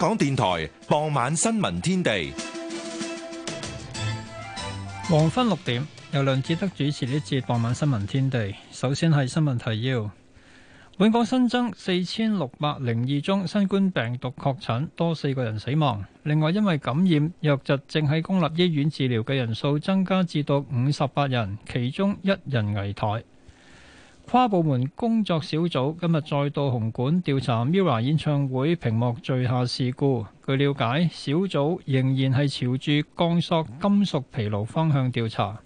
香港電台傍晚新聞天地，黃昏六點由梁智德主持呢節傍晚新聞天地。首先係新聞提要：本港新增四千六百零二宗新冠病毒確診，多四個人死亡。另外，因為感染藥疾，正喺公立醫院治療嘅人數增加至到五十八人，其中一人危殆。跨部門工作小組今日再到紅館調查 MIRROR 演唱會屏幕墜下事故。據了解，小組仍然係朝住鋼索金屬疲勞方向調查。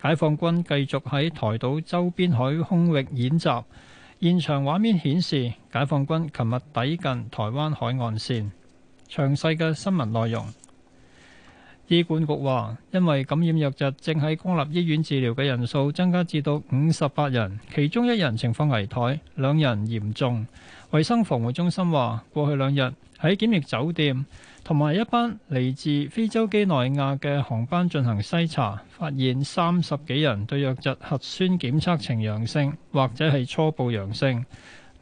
解放軍繼續喺台島周邊海空域演習，現場畫面顯示解放軍琴日抵近台灣海岸線。詳細嘅新聞內容。醫管局話，因為感染弱疾，正喺公立醫院治療嘅人數增加至到五十八人，其中一人情況危殆，兩人嚴重。衛生防護中心話，過去兩日喺檢疫酒店同埋一班嚟自非洲幾內亞嘅航班進行篩查，發現三十幾人對弱疾核酸檢測呈陽性，或者係初步陽性。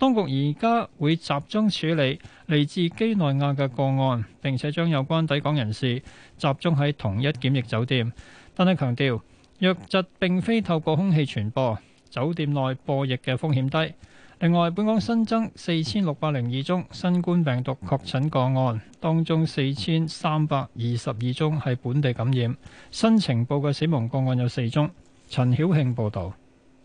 當局而家會集中處理嚟自基內亞嘅個案，並且將有關抵港人士集中喺同一檢疫酒店。但係強調，弱疾並非透過空氣傳播，酒店內播疫嘅風險低。另外，本港新增四千六百零二宗新冠病毒確診個案，當中四千三百二十二宗係本地感染。新呈報嘅死亡個案有四宗。陳曉慶報導。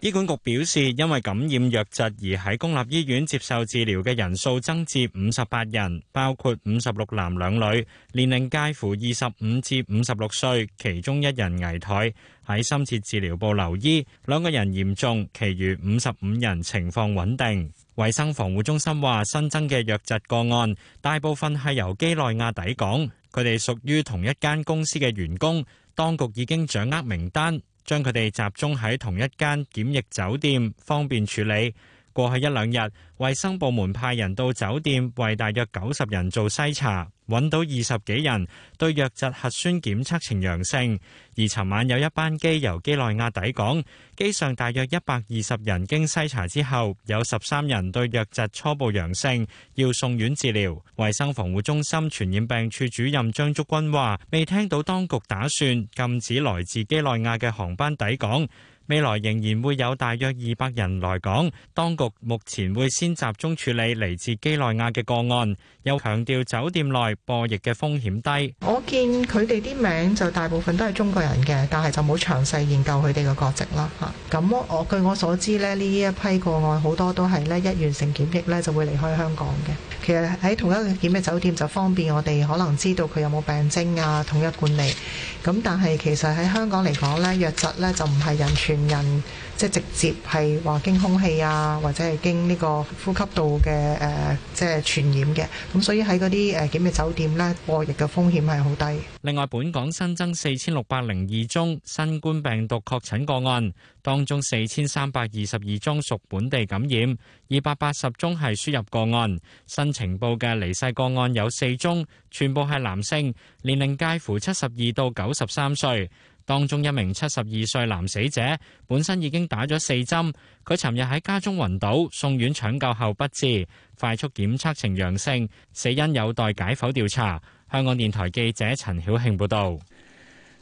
醫管局表示，因為感染瘧疾而喺公立醫院接受治療嘅人數增至五十八人，包括五十六男兩女，年齡介乎二十五至五十六歲，其中一人危殆，喺深切治療部留醫，兩個人嚴重，其餘五十五人情況穩定。衛生防護中心話，新增嘅瘧疾個案大部分係由幾內亞抵港，佢哋屬於同一間公司嘅員工，當局已經掌握名單。將佢哋集中喺同一間檢疫酒店，方便處理。過去一兩日，衛生部門派人到酒店為大約九十人做篩查。揾到二十幾人對瘧疾核酸檢測呈陽性，而尋晚有一班機由幾內亞抵港，機上大約一百二十人經篩查之後，有十三人對瘧疾初步陽性，要送院治療。衞生防護中心傳染病處主任張竹君話，未聽到當局打算禁止來自幾內亞嘅航班抵港。未來仍然會有大約二百人來港，當局目前會先集中處理嚟自基內亞嘅個案，又強調酒店內播疫嘅風險低。我見佢哋啲名就大部分都係中國人嘅，但係就冇詳細研究佢哋嘅國籍啦。嚇，咁我據我所知咧，呢一批個案好多都係咧一完成檢疫咧就會離開香港嘅。其實喺同一個檢疫酒店就方便我哋可能知道佢有冇病徵啊，統一管理。咁但係其實喺香港嚟講呢，瘧疾呢就唔係人傳人，即、就、係、是、直接係話經空氣啊，或者係經呢個呼吸道嘅誒，即、呃、係、就是、傳染嘅。咁、嗯、所以喺嗰啲誒檢疫酒店呢，過疫嘅風險係好低。另外，本港新增四千六百零二宗新冠病毒確診個案，當中四千三百二十二宗屬本地感染。二百八十宗係輸入個案，新情報嘅離世個案有四宗，全部係男性，年齡介乎七十二到九十三歲。當中一名七十二歲男死者本身已經打咗四針，佢尋日喺家中暈倒，送院搶救後不治，快速檢測呈陽性，死因有待解剖調查。香港電台記者陳曉慶報導。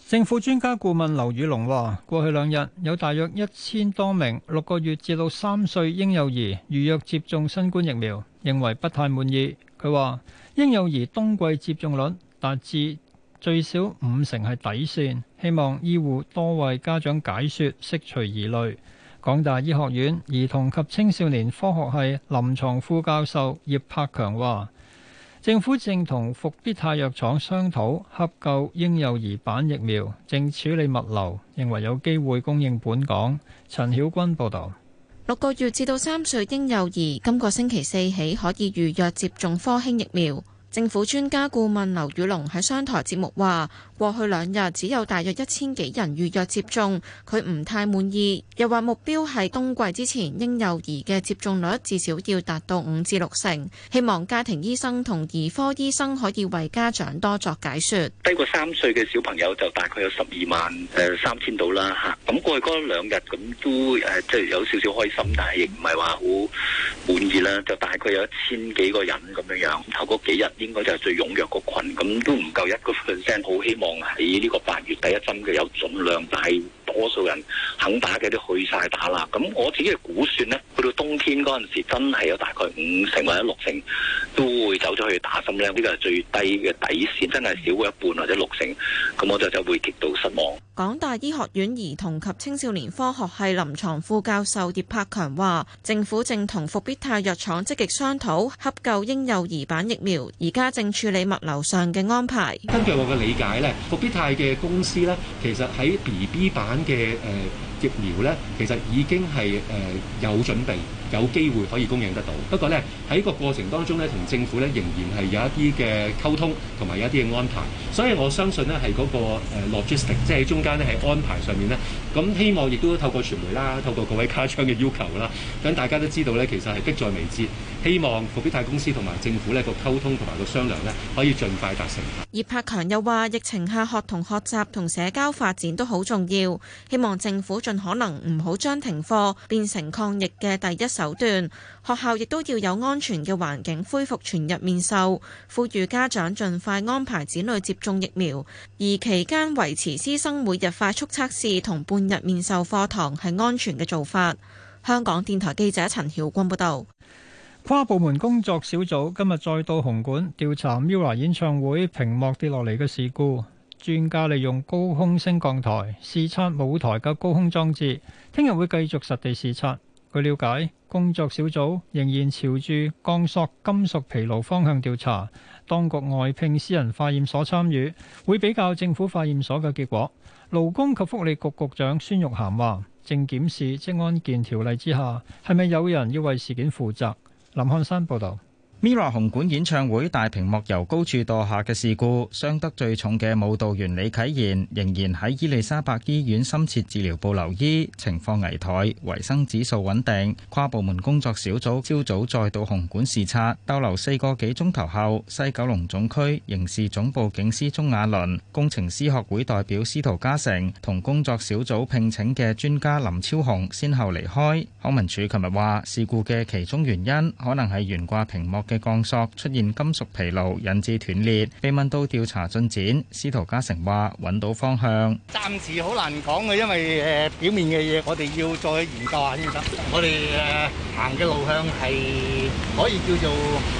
政府專家顧問劉宇龍話：過去兩日有大約一千多名六個月至到三歲嬰幼兒預約接種新冠疫苗，認為不太滿意。佢話：嬰幼兒冬季接種率達至最少五成係底線，希望醫護多為家長解説，釋除疑慮。港大醫學院兒童及青少年科學系臨床副教授葉柏強話。政府正同復必泰藥廠商討洽購嬰幼兒版疫苗，正處理物流，認為有機會供應本港。陳曉君報導，六個月至到三歲嬰幼兒今個星期四起可以預約接種科興疫苗。政府專家顧問劉宇隆喺商台節目話：過去兩日只有大約一千幾人預約接種，佢唔太滿意。又話目標係冬季之前嬰幼兒嘅接種率至少要達到五至六成，希望家庭醫生同兒科醫生可以為家長多作解說。低過三歲嘅小朋友就大概有十二萬誒三千到啦吓，咁過去嗰兩日咁都誒即係有少少開心，但係亦唔係話好滿意啦，就大概有一千幾個人咁樣樣，頭嗰幾日。應該就係最踴躍個群，咁都唔夠一個 percent，好希望喺呢個八月第一針嘅有總量，但係。多數人肯打嘅都去晒打啦，咁我自己嘅估算呢，去到冬天嗰陣時，真係有大概五成或者六成都會走咗去打針呢。呢、呢個係最低嘅底線，真係少過一半或者六成，咁我就就會極度失望。港大醫學院兒童及青少年科學系臨床副教授葉柏強話：政府正同伏必泰藥廠積極商討洽購嬰幼兒版疫苗，而家正處理物流上嘅安排。根據我嘅理解呢，伏必泰嘅公司呢，其實喺 BB 版。咁嘅誒。疫苗呢，其實已經係誒有準備，有機會可以供應得到。不過呢，喺個過程當中呢，同政府呢，仍然係有一啲嘅溝通，同埋有一啲嘅安排。所以我相信呢，係嗰個 logistics，即係中間呢，係安排上面呢。咁希望亦都透過傳媒啦，透過各位家長嘅要求啦，等大家都知道呢，其實係迫在眉睫。希望復必泰公司同埋政府呢個溝通同埋個商量呢，可以盡快達成。葉柏強又話：疫情下學同學習同社交發展都好重要，希望政府盡可能唔好將停課變成抗疫嘅第一手段，學校亦都要有安全嘅環境恢復全日面授，呼籲家長盡快安排子女接種疫苗，而期間維持師生每日快速測試同半日面授課堂係安全嘅做法。香港電台記者陳曉君報道。跨部門工作小組今日再到紅館調查 MIRROR 演唱會屏幕跌落嚟嘅事故。專家利用高空升降台視察舞台嘅高空裝置，聽日會繼續實地視察。據了解，工作小組仍然朝住鋼索金屬疲勞方向調查，當局外聘私人化驗所參與，會比較政府化驗所嘅結果。勞工及福利局局，局長孫玉菡話，正檢視職安健條例之下係咪有人要為事件負責。林漢山報導。MIRROR 紅館演唱會大屏幕，由高處墮下嘅事故，傷得最重嘅舞蹈員李啟言仍然喺伊利沙伯醫院深切治療部留醫，情況危殆，維生指數穩定。跨部門工作小組朝早再到紅館視察，逗留四個幾鐘頭後，西九龍總區刑事總部警司鍾雅倫、工程師學會代表司徒嘉誠同工作小組聘請嘅專家林超雄先後離開。康文署琴日話，事故嘅其中原因可能係懸掛屏幕。嘅鋼索出現金屬疲勞，引致斷裂。被問到調查進展，司徒嘉誠話：揾到方向，暫時好難講嘅，因為誒表面嘅嘢，我哋要再研究下，先得。我哋誒行嘅路向係可以叫做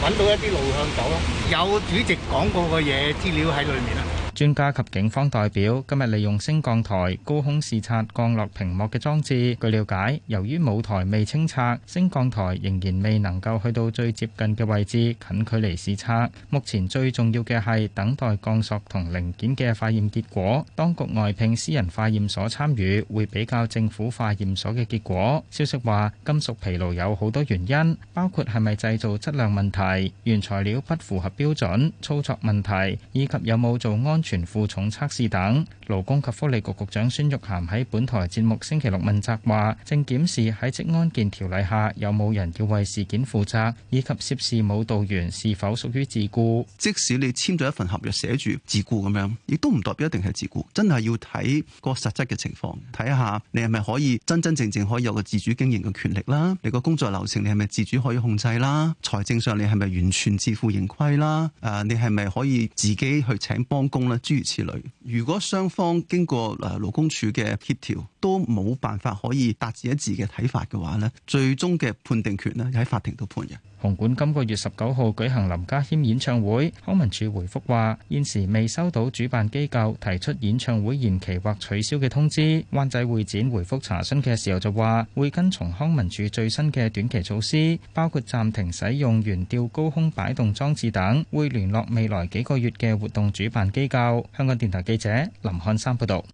揾到一啲路向，走囉，有主席講過嘅嘢資料喺裏面啊。專家及警方代表今日利用升降台高空視察降落屏幕嘅裝置。據了解，由於舞台未清拆，升降台仍然未能夠去到最接近嘅位置近距離視察。目前最重要嘅係等待鋼索同零件嘅化驗結果。當局外聘私人化驗所參與，會比較政府化驗所嘅結果。消息話金屬疲勞有好多原因，包括係咪製造質量問題、原材料不符合標準、操作問題，以及有冇做安全副重測試等，勞工及福利局局長孫玉菡喺本台節目星期六問責話，正檢視喺職安健條例下有冇人要為事件負責，以及涉事舞蹈員是否屬於自僱。即使你簽咗一份合約寫住自僱咁樣亦都唔代表一定係自僱，真係要睇個實質嘅情況，睇下你係咪可以真真正正可以有個自主經營嘅權力啦，你個工作流程你係咪自主可以控制啦，財政上你係咪完全自負盈虧啦，誒，你係咪可以自己去請幫工咧？諸如此類，如果雙方經過誒勞工處嘅協調都冇辦法可以達至一致嘅睇法嘅話咧，最終嘅判定權咧喺法庭度判嘅。紅館今個月十九號舉行林家謙演唱會，康文署回覆話，現時未收到主辦機構提出演唱會延期或取消嘅通知。灣仔會展回覆查詢嘅時候就話，會跟從康文署最新嘅短期措施，包括暫停使用懸吊高空擺動裝置等，會聯絡未來幾個月嘅活動主辦機構。香港電台記者林漢山報道。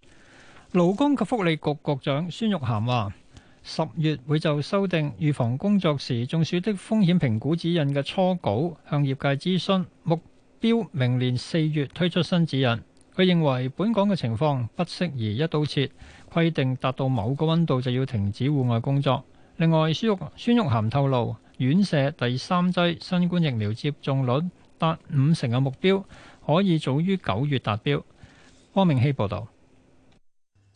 勞工及福利局局長孫玉菡話。十月會就修訂預防工作時中暑的風險評估指引嘅初稿，向業界諮詢，目標明年四月推出新指引。佢認為本港嘅情況不適宜一刀切，規定達到某個溫度就要停止戶外工作。另外，孫玉孫玉涵透露，院舍第三劑新冠疫苗接種率達五成嘅目標，可以早於九月達標。汪明希報導。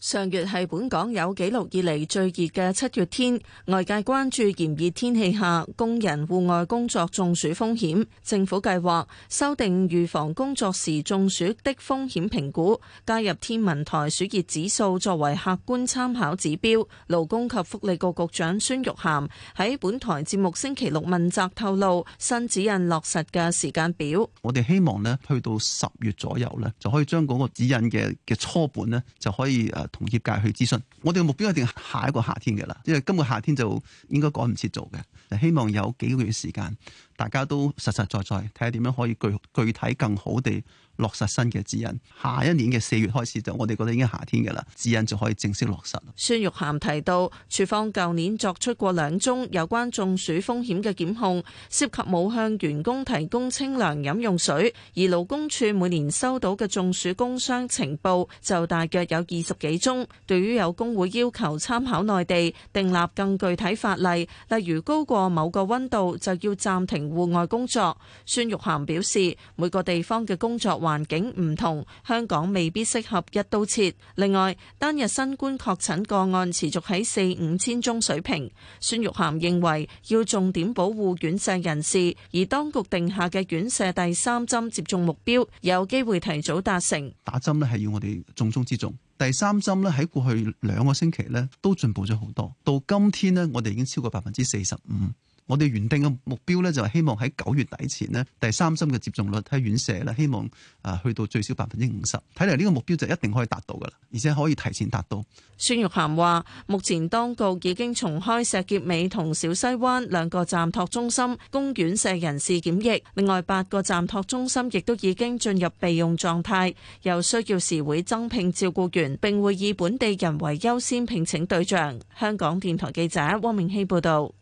上月係本港有紀錄以嚟最熱嘅七月天，外界關注炎熱天氣下工人戶外工作中暑風險。政府計劃修訂預防工作時中暑的風險評估，加入天文台暑熱指數作為客觀參考指標。勞工及福利局局長孫玉菡喺本台節目星期六問責透露，新指引落實嘅時間表。我哋希望呢，去到十月左右呢，就可以將嗰個指引嘅嘅初本呢，就可以誒。同業界去諮詢，我哋嘅目標一定係下一個夏天嘅啦，因為今個夏天就應該趕唔切做嘅，就希望有幾個月時間。大家都實實在在睇下點樣可以具具體更好地落實新嘅指引。下一年嘅四月開始就我哋覺得已經夏天嘅啦，指引就可以正式落實。孫玉菡提到，處方舊年作出過兩宗有關中暑風險嘅檢控，涉及冇向員工提供清涼飲用水。而勞工處每年收到嘅中暑工傷情報就大約有二十幾宗。對於有工會要求參考內地訂立更具體法例，例如高過某個溫度就要暫停。戶外工作，孫玉菡表示，每個地方嘅工作環境唔同，香港未必適合一刀切。另外，單日新冠確診個案持續喺四五千宗水平，孫玉菡認為要重點保護院舍人士，而當局定下嘅院舍第三針接種目標，有機會提早達成。打針呢係要我哋重中之重，第三針呢喺過去兩個星期呢都進步咗好多，到今天呢我哋已經超過百分之四十五。我哋原定嘅目標呢，就係希望喺九月底前呢，第三針嘅接種率喺院舍呢，希望啊去到最少百分之五十。睇嚟呢個目標就一定可以達到噶啦，而且可以提前達到。孫玉涵話：目前當局已經重開石硤尾同小西灣兩個站託中心供院舍人士檢疫，另外八個站託中心亦都已經進入備用狀態，有需要時會增聘照顧員，並會以本地人為優先聘請對象。香港電台記者汪明希報導。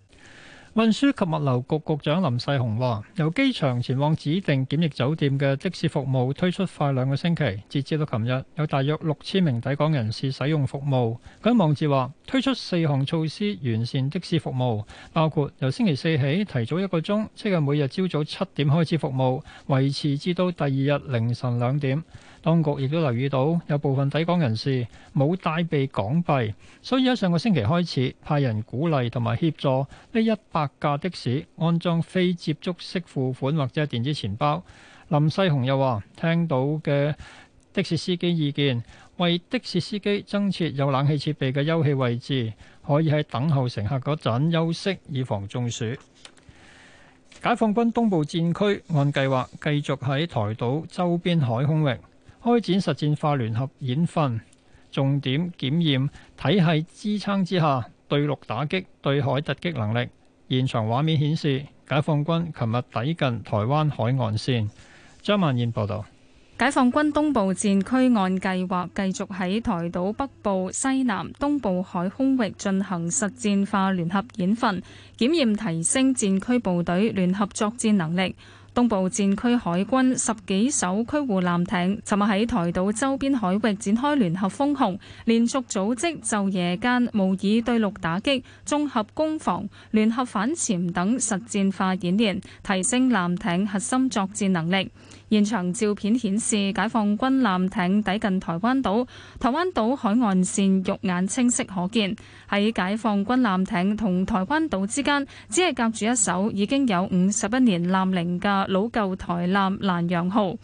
運輸及物流局局長林世雄話：由機場前往指定檢疫酒店嘅的士服務推出快兩個星期，截至到琴日有大約六千名抵港人士使用服務。佢喺網誌話，推出四項措施完善的士服務，包括由星期四起提早一個鐘，即係每日朝早七點開始服務，維持至到第二日凌晨兩點。當局亦都留意到有部分抵港人士冇帶備港幣，所以喺上個星期開始派人鼓勵同埋協助呢一百架的士安裝非接觸式付款或者電子錢包。林世雄又話：聽到嘅的，的士司機意見，為的士司機增設有冷氣設備嘅休憩位置，可以喺等候乘客嗰陣休息，以防中暑。解放軍東部戰區按計劃繼續喺台島周邊海空域，開展實戰化聯合演訓，重點檢驗體系支撐之下對陸打擊、對海突擊能力。現場畫面顯示，解放軍琴日抵近台灣海岸線。張曼燕報導，解放軍東部戰區按計劃繼續喺台島北部、西南、東部海空域進行實戰化聯合演訓，檢驗提升戰區部隊聯合作戰能力。東部戰區海軍十幾艘驅護艦艇，尋日喺台島周邊海域展開聯合封控，連續組織晝夜間、模擬對陸打擊、綜合攻防、聯合反潛等實戰化演練，提升艦艇核心作戰能力。現場照片顯示，解放軍艦艇抵近台灣島，台灣島海岸線肉眼清晰可見。喺解放軍艦艇同台灣島之間，只係隔住一艘已經有五十一年艦齡嘅老舊台艦蘭陽號。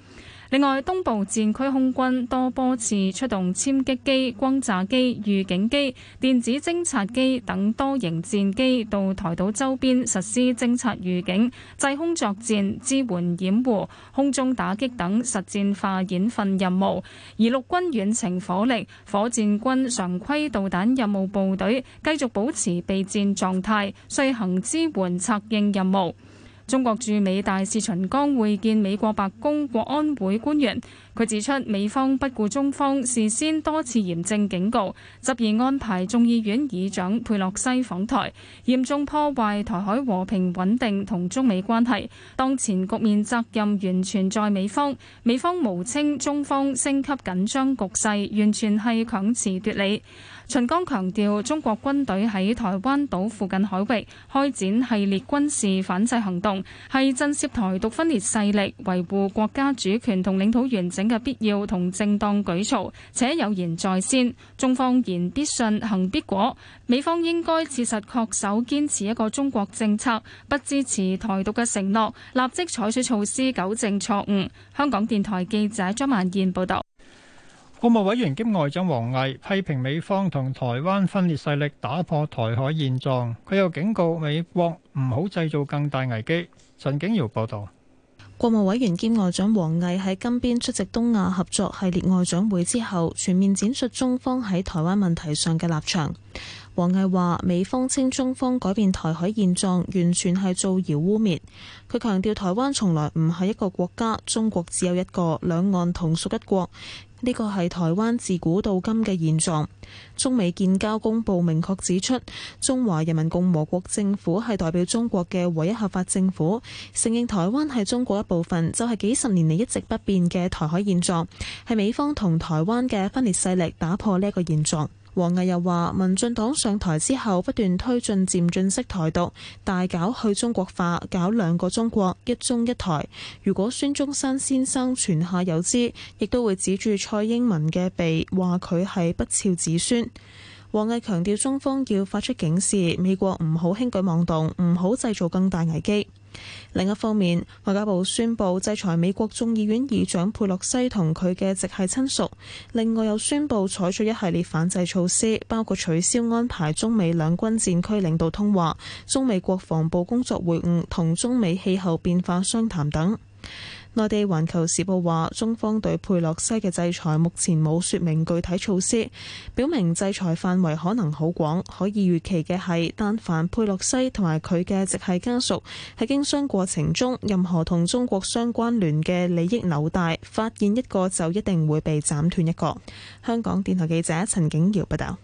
另外，東部戰區空軍多波次出動殲擊機、轟炸機、預警機、電子偵察機等多型戰機到台島周邊實施偵察預警、制空作戰、支援掩護、空中打擊等實戰化演訓任務；而陸軍遠程火力、火箭軍常規導彈任務部隊繼續保持備戰狀態，遂行支援策應任務。中國駐美大使秦剛會見美國白宮國安會官員，佢指出，美方不顧中方事先多次嚴正警告，執意安排眾議院議長佩洛西訪台，嚴重破壞台海和平穩定同中美關係。當前局面責任完全在美方，美方誣稱中方升級緊張局勢，完全係強詞奪理。秦剛強調，中國軍隊喺台灣島附近海域開展系列軍事反制行動，係震懾台獨分裂勢力、維護國家主權同領土完整嘅必要同正當舉措，且有言在先，中方言必信，行必果。美方應該切實恪守堅持一個中國政策，不支持台獨嘅承諾，立即採取措施糾正錯誤。香港電台記者張曼燕報導。國務委員兼外長王毅批評美方同台灣分裂勢力打破台海現狀，佢又警告美國唔好製造更大危機。陳景堯報道，國務委員兼外長王毅喺金邊出席東亞合作系列外長會之後，全面展述中方喺台灣問題上嘅立場。王毅話，美方稱中方改變台海現狀完全係造謠污衊。佢強調，台灣從來唔係一個國家，中國只有一個，兩岸同屬一國。呢個係台灣自古到今嘅現狀，中美建交公報明確指出，中華人民共和國政府係代表中國嘅唯一合法政府，承認台灣係中國一部分，就係、是、幾十年嚟一直不變嘅台海現狀，係美方同台灣嘅分裂勢力打破呢一個現狀。王毅又話：民進黨上台之後，不斷推進漸進式台獨，大搞去中國化，搞兩個中國，一中一台。如果孫中山先生泉下有知，亦都會指住蔡英文嘅鼻，話佢係不肖子孫。王毅強調，中方要發出警示，美國唔好輕舉妄動，唔好製造更大危機。另一方面，外交部宣布制裁美國眾議院議長佩洛西同佢嘅直系親屬，另外又宣布採取一系列反制措施，包括取消安排中美兩軍戰區領導通話、中美國防部工作會晤同中美氣候變化商談等。內地《環球時報》話，中方對佩洛西嘅制裁目前冇説明具體措施，表明制裁範圍可能好廣。可以預期嘅係，但凡佩洛西同埋佢嘅直系家屬喺經商過程中，任何同中國相關聯嘅利益紐帶，發現一個就一定會被斬斷一個。香港電台記者陳景瑤報道。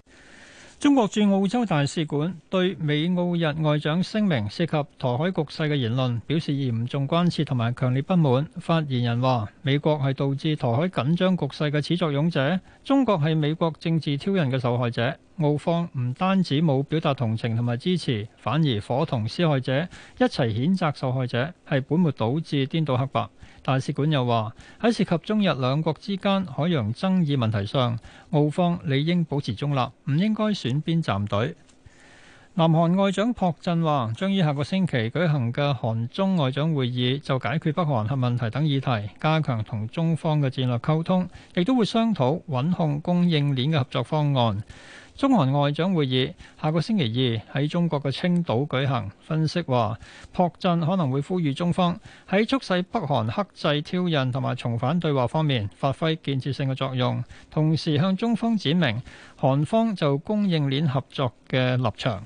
中國駐澳洲大使館對美澳日外長聲明涉及台海局勢嘅言論表示嚴重關切同埋強烈不滿。發言人話：美國係導致台海緊張局勢嘅始作俑者，中國係美國政治挑釁嘅受害者。澳方唔單止冇表達同情同埋支持，反而夥同施害者一齊譴責受害者，係本末倒置、顛倒黑白。大使館又話：喺涉及中日兩國之間海洋爭議問題上，澳方理應保持中立，唔應該選邊站隊。南韓外長朴振話：將於下個星期舉行嘅韓中外長會議，就解決北韓核問題等議題，加強同中方嘅戰略溝通，亦都會商討穩控供應鏈嘅合作方案。中韓外長會議下個星期二喺中國嘅青島舉行，分析話朴振可能會呼籲中方喺促使北韓克制挑釁同埋重返對話方面發揮建設性嘅作用，同時向中方展明韓方就供應鏈合作嘅立場。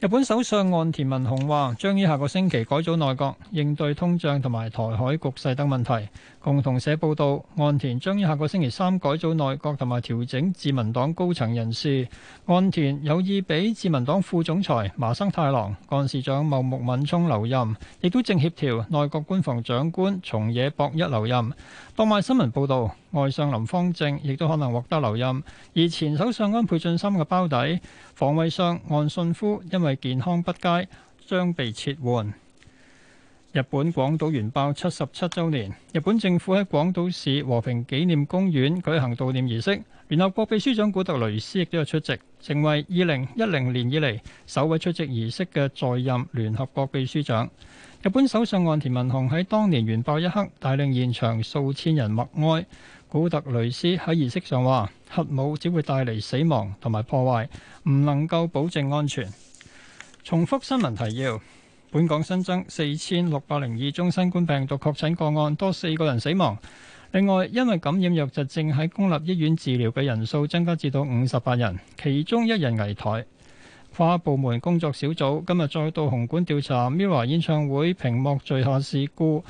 日本首相岸田文雄話將於下個星期改組內閣，應對通脹同埋台海局勢等問題。共同社報道，岸田將於下個星期三改組內閣，同埋調整自民黨高層人士。岸田有意俾自民黨副總裁麻生太郎、幹事長茂木敏充留任，亦都正協調內閣官房長官松野博一留任。另外，新聞報道，外相林芳正亦都可能獲得留任，而前首相安倍晉三嘅胞弟，防衛相岸信夫因為健康不佳，將被撤換。日本廣島原爆七十七周年，日本政府喺廣島市和平紀念公園舉行悼念儀式，聯合國秘書長古特雷斯亦都有出席，成為二零一零年以嚟，首位出席儀式嘅在任聯合國秘書長。日本首相岸田文雄喺當年原爆一刻帶領現場數千人默哀。古特雷斯喺儀式上話：核武只會帶嚟死亡同埋破壞，唔能夠保證安全。重複新聞提要。本港新增四千六百零二宗新冠病毒確診個案，多四個人死亡。另外，因為感染弱疾症喺公立醫院治療嘅人數增加至到五十八人，其中一人危殆。跨部門工作小組今日再到紅館調查 MIRROR 演唱會屏幕墜下事故。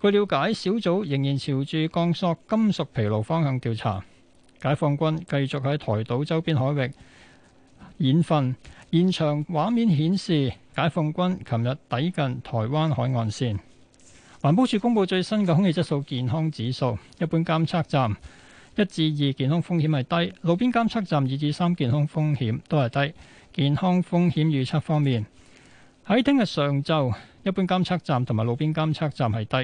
據了解，小組仍然朝住鋼索金屬疲勞方向調查。解放軍繼續喺台島周邊海域，演訓現，現場畫面顯示，解放軍琴日抵近台灣海岸線。環保署公布最新嘅空氣質素健康指數，一般監測站一至二健康風險係低，路邊監測站二至三健康風險都係低。健康風險預測方面，喺聽日上晝，一般監測站同埋路邊監測站係低；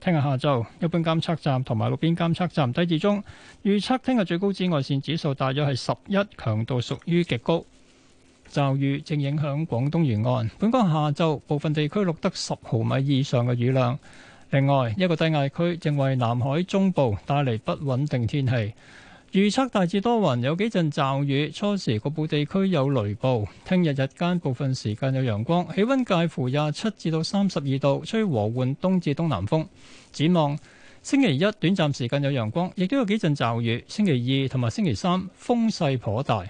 聽日下晝，一般監測站同埋路邊監測站低至中。預測聽日最高紫外線指數大約係十一，強度屬於極高。驟雨正影響廣東沿岸，本港下晝部分地區錄得十毫米以上嘅雨量。另外，一個低壓區正為南海中部帶嚟不穩定天氣，預測大致多雲，有幾陣驟雨。初時局部地區有雷暴。聽日日間部分時間有陽光，氣溫介乎廿七至到三十二度，吹和緩東至東南風。展望星期一短暫時間有陽光，亦都有幾陣驟雨。星期二同埋星期三風勢頗大，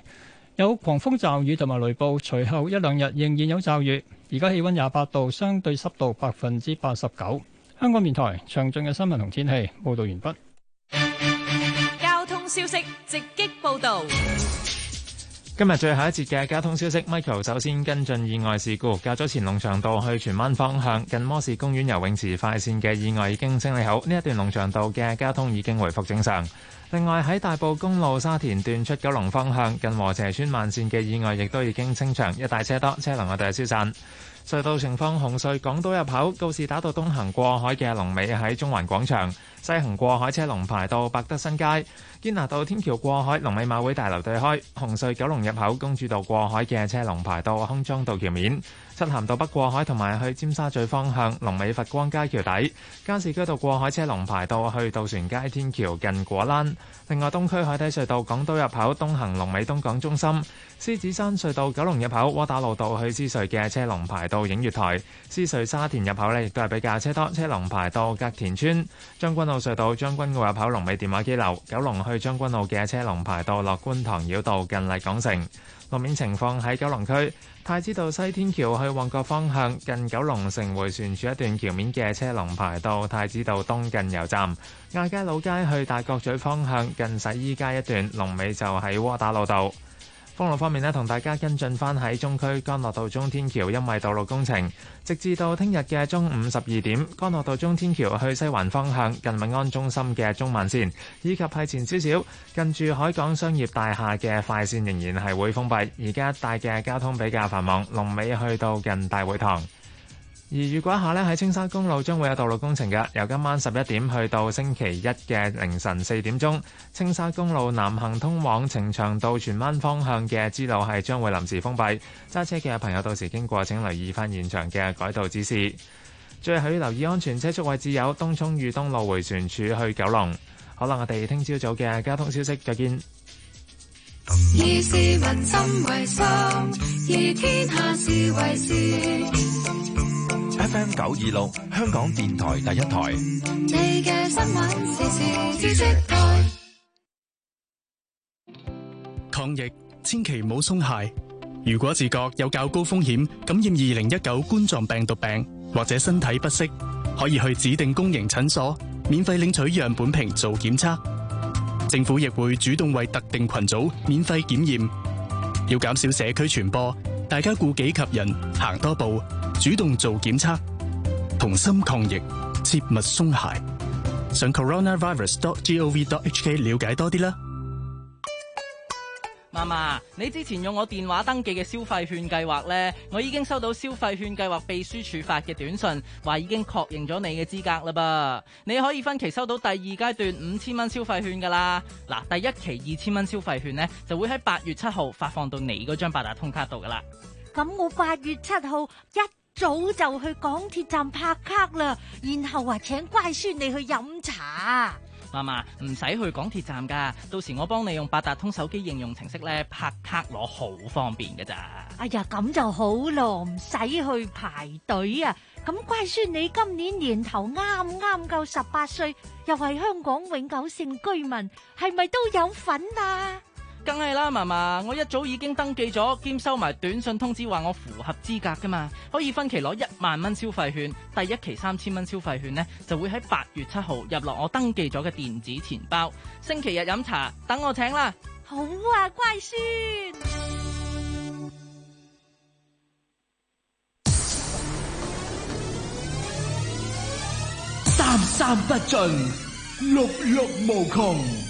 有狂風驟雨同埋雷暴，隨後一兩日仍然有驟雨，而家氣溫廿八度相對濕度百分之八十九。香港電台詳盡嘅新聞同天氣報道完畢。交通消息直擊報道。今日最後一節嘅交通消息，Michael 首先跟進意外事故。較早前龍翔道去荃灣方向，近摩士公園游泳池快線嘅意外已經清理好，呢一段龍翔道嘅交通已經回復正常。另外喺大埔公路沙田段出九龍方向近禾輋邨慢線嘅意外，亦都已經清場，一大車多車流我哋係消散。隧道情況：紅隧港島入口告士打道東行過海嘅龍尾喺中環廣場；西行過海車龍排到百德新街。堅拿道天橋過海龍尾馬會大樓對開。紅隧九龍入口公主道過海嘅車龍排到康莊道橋面。漆鹹道北過海同埋去尖沙咀方向龍尾佛光街橋底。加士居道過海車龍排到去渡船街天橋近果欄。另外，東區海底隧道港島入口東行龍尾東港中心。獅子山隧道九龍入口窩打老道去獅隧嘅車龍排到映月台，獅隧沙田入口呢亦都係比較車多，車龍排到隔田村。將軍澳隧道將軍澳入口龍尾電話機樓九龍去將軍澳嘅車龍排到落觀塘繞道近麗港城。路面情況，喺九龍區太子道西天橋去旺角方向，近九龍城回旋處一段橋面嘅車龍排到太子道東近油站。亞皆老街去大角咀方向近洗衣街一段龍尾就喺窩打老道。公路方面呢，同大家跟進翻喺中區干諾道中天橋因為道路工程，直至到聽日嘅中午十二點，干諾道中天橋去西環方向近民安中心嘅中慢線，以及係前少少近住海港商業大廈嘅快線，仍然係會封閉。而家一帶嘅交通比較繁忙，龍尾去到近大會堂。而雨果一下呢，喺青沙公路將會有道路工程嘅，由今晚十一點去到星期一嘅凌晨四點鐘，青沙公路南行通往呈祥道荃灣方向嘅支路係將會臨時封閉，揸車嘅朋友到時經過，請留意翻現場嘅改道指示。最後要留意安全車速位置有東涌裕東路回旋處去九龍。好啦，我哋聽朝早嘅交通消息，再見。以 FM 九二六，香港電台第一台。抗疫千祈唔好鬆懈。如果自覺有較高風險感染二零一九冠狀病毒病，或者身體不適，可以去指定公營診所免費領取樣本瓶做檢測。政府亦會主動為特定群組免費檢驗。要減少社區傳播，大家顧己及人，行多步。主動做檢測，同心抗疫，切勿鬆懈。上 coronavirus.gov.hk 了解多啲啦。媽媽，你之前用我電話登記嘅消費券計劃呢？我已經收到消費券計劃秘書處發嘅短信，話已經確認咗你嘅資格啦噃。你可以分期收到第二階段五千蚊消費券噶啦。嗱，第一期二千蚊消費券呢，就會喺八月七號發放到你嗰張八達通卡度噶啦。咁我八月七號一早就去港鐵站拍卡啦，然後話、啊、請乖孫你去飲茶。媽媽唔使去港鐵站噶，到時我幫你用八達通手機應用程式咧拍卡攞，好方便噶咋。哎呀，咁就好咯，唔使去排隊啊。咁乖孫你今年年頭啱啱夠十八歲，又係香港永久性居民，係咪都有份啊？梗係啦，嫲嫲，我一早已經登記咗，兼收埋短信通知話我符合資格噶嘛，可以分期攞一萬蚊消費券。第一期三千蚊消費券呢，就會喺八月七號入落我登記咗嘅電子錢包。星期日飲茶，等我請啦。好啊，乖孫。三三不盡，六六無窮。